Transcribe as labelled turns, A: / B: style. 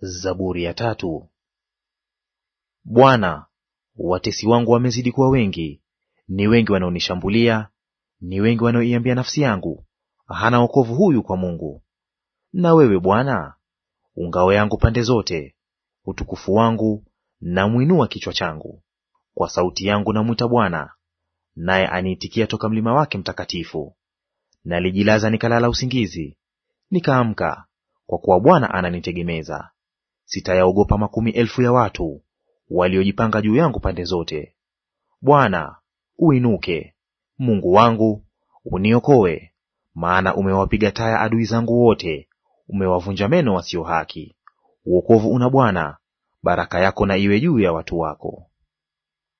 A: Zaburi ya tatu. Bwana, watesi wangu wamezidi kuwa wengi, ni wengi wanaonishambulia, ni wengi wanaoiambia nafsi yangu, hana wokovu huyu kwa Mungu. Na wewe Bwana ungao yangu pande zote, utukufu wangu na mwinua kichwa changu. Kwa sauti yangu namwita Bwana, naye aniitikia toka mlima wake mtakatifu. Nalijilaza nikalala usingizi, nikaamka, kwa kuwa Bwana ananitegemeza sitayaogopa makumi elfu ya watu waliojipanga juu yangu pande zote. Bwana, uinuke; Mungu wangu uniokoe, maana umewapiga taya adui zangu wote, umewavunja meno wasio haki. Uokovu una Bwana, baraka yako na iwe juu ya watu wako.